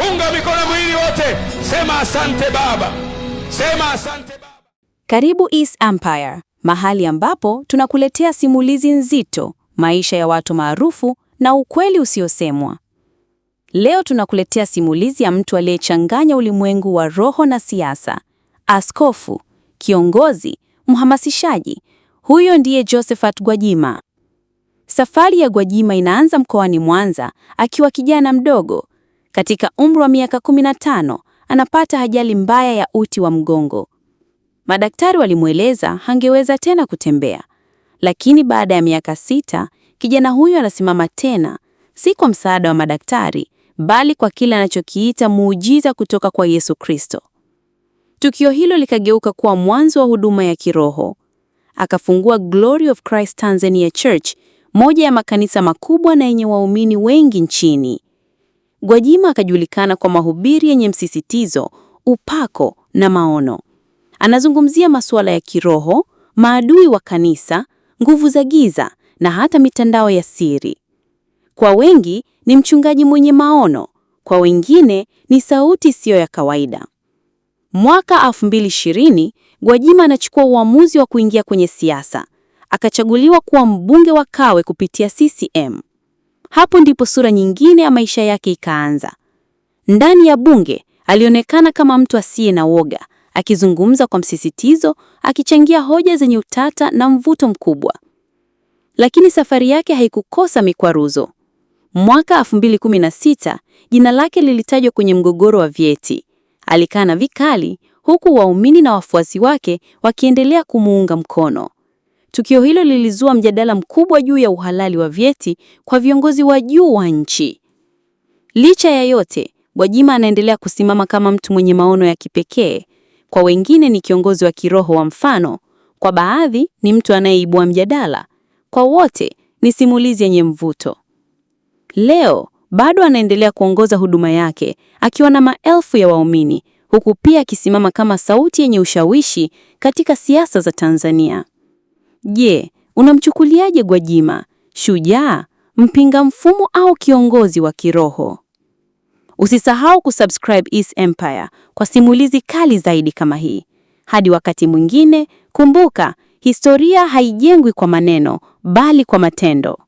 Punga mikono mwili wote, sema asante Baba, sema asante Baba. Karibu East Empire, mahali ambapo tunakuletea simulizi nzito, maisha ya watu maarufu na ukweli usiosemwa. Leo tunakuletea simulizi ya mtu aliyechanganya ulimwengu wa roho na siasa, askofu, kiongozi, mhamasishaji. Huyo ndiye Josephat Gwajima. Safari ya Gwajima inaanza mkoani Mwanza akiwa kijana mdogo katika umri wa miaka 15 anapata ajali mbaya ya uti wa mgongo. Madaktari walimweleza hangeweza tena kutembea, lakini baada ya miaka sita kijana huyo anasimama tena, si kwa msaada wa madaktari, bali kwa kile anachokiita muujiza kutoka kwa Yesu Kristo. Tukio hilo likageuka kuwa mwanzo wa huduma ya kiroho. Akafungua Glory of Christ Tanzania Church, moja ya makanisa makubwa na yenye waumini wengi nchini. Gwajima akajulikana kwa mahubiri yenye msisitizo, upako na maono. Anazungumzia masuala ya kiroho, maadui wa kanisa, nguvu za giza na hata mitandao ya siri. Kwa wengi ni mchungaji mwenye maono, kwa wengine ni sauti isiyo ya kawaida. Mwaka 2020 Gwajima anachukua uamuzi wa kuingia kwenye siasa, akachaguliwa kuwa mbunge wa Kawe kupitia CCM. Hapo ndipo sura nyingine ya maisha yake ikaanza. Ndani ya bunge alionekana kama mtu asiye na woga, akizungumza kwa msisitizo, akichangia hoja zenye utata na mvuto mkubwa. Lakini safari yake haikukosa mikwaruzo. Mwaka 2016 jina lake lilitajwa kwenye mgogoro wa vyeti. Alikana vikali, huku waumini na wafuasi wake wakiendelea kumuunga mkono. Tukio hilo lilizua mjadala mkubwa juu ya uhalali wa vyeti kwa viongozi wa juu wa nchi. Licha ya yote, Gwajima anaendelea kusimama kama mtu mwenye maono ya kipekee. Kwa wengine ni kiongozi wa kiroho wa mfano, kwa baadhi ni mtu anayeibua mjadala, kwa wote ni simulizi yenye mvuto. Leo bado anaendelea kuongoza huduma yake akiwa na maelfu ya waumini, huku pia akisimama kama sauti yenye ushawishi katika siasa za Tanzania. Je, unamchukuliaje Gwajima? Shujaa, mpinga mfumo au kiongozi wa kiroho? Usisahau kusubscribe East Empire kwa simulizi kali zaidi kama hii. Hadi wakati mwingine, kumbuka, historia haijengwi kwa maneno bali kwa matendo.